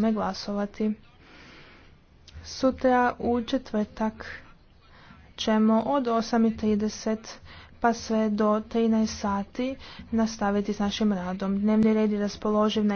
tome glasovati. Sutra u četvrtak ćemo od 8.30 pa sve do 13 sati nastaviti s našim radom. Dnevni red je raspoloživ na